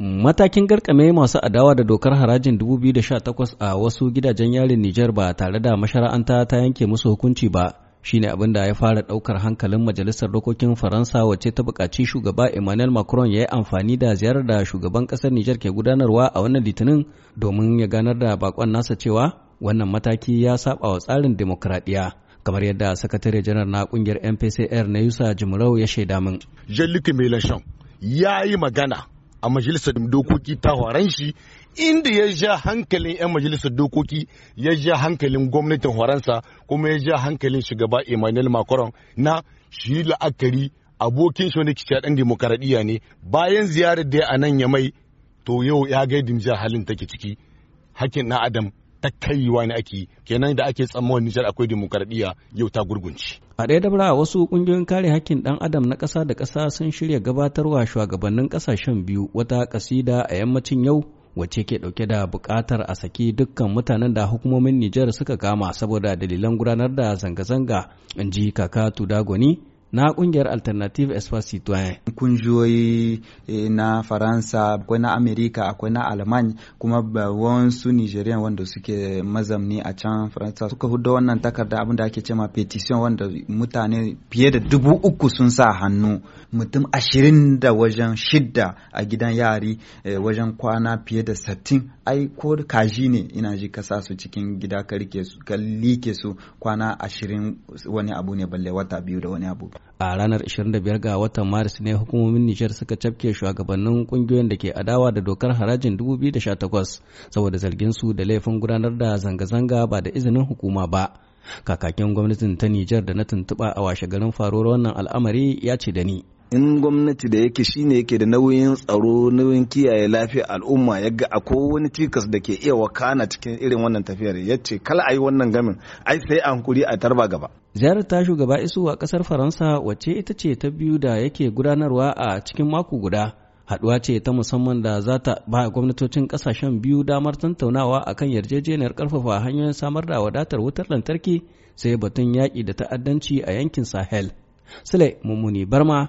Matakin garkame masu adawa da dokar harajin 2018 a wasu gidajen yarin Nijar ba tare da mashara'anta ta yanke musu hukunci ba shine abin da ya fara daukar hankalin majalisar dokokin Faransa wacce ta buƙaci shugaba Emmanuel Macron ya yi amfani da ziyarar da shugaban ƙasar Nijar ke gudanarwa a wannan litinin domin ya ganar da bakon nasa cewa wannan mataki ya saba wa tsarin demokradiyya. kamar yadda sakatare janar na kungiyar mpcr na yusa jimrau ya shaida min jean luc ya yi magana a majalisar dokoki ta horon shi inda ya ja hankalin 'yan majalisar dokoki ya ja hankalin gwamnatin horonsa kuma ya ja hankalin shugaba emmanuel macron na shi la'akari abokin shi wani kiciya ɗan demokaradiyya ne bayan ziyarar da a nan ya mai to yau ya ga ja halin take ciki hakin na adam ta kaiwa ne ake kenan da ake tsammanin Nijar akwai demokaradiyya yau ta gurgunci. A ɗaya dabara wasu ƙungiyoyin kare hakkin ɗan adam na ƙasa da ƙasa sun shirya gabatarwa shugabannin ƙasashen biyu wata ƙasida a yammacin yau wacce ke ɗauke da buƙatar a saki dukkan mutanen da hukumomin Nijar suka kama saboda dalilan gudanar da zanga-zanga in ji kaka Tudagoni na kungiyar alternative espace citoyen kungiyoyi eh, na faransa akwai na amerika akwai na alman kuma ba wansu nigerian wanda suke mazamni a can faransa suka hudu wannan takarda abin da ake cema petition wanda mutane fiye da dubu uku sun sa hannu mutum ashirin da wajen shidda a gidan yari eh, wajen kwana fiye da sittin ai ko kaji ne ina ji ka su cikin gida ka like su kwana ashirin wani abu ne balle wata biyu da wani abu a ranar 25 ga watan maris ne hukumomin nijar suka cafke shugabannin kungiyoyin da ke adawa da dokar harajin 2018 saboda zargin su da laifin gudanar da zanga-zanga ba da izinin hukuma ba kakakin gwamnatin ta nijar da na tuntuɓa a washe garin faruwar wannan al'amari ya ce da ni in gwamnati da yake shine yake da nauyin tsaro nauyin kiyaye lafiya al'umma ya ga akwai wani cikas da ke iya wakana cikin irin wannan tafiyar ya ce kala a yi wannan gamin ai sai an kuri a tarba gaba ziyarar ta shugaba isu a kasar faransa wacce ita ce ta biyu da yake gudanarwa a cikin mako guda haduwa ce ta musamman da za ta ba gwamnatocin kasashen biyu damar tantaunawa akan yarjejeniyar karfafa hanyoyin samar da wadatar wutar lantarki sai batun yaƙi da ta'addanci a yankin sahel sule mummuni barma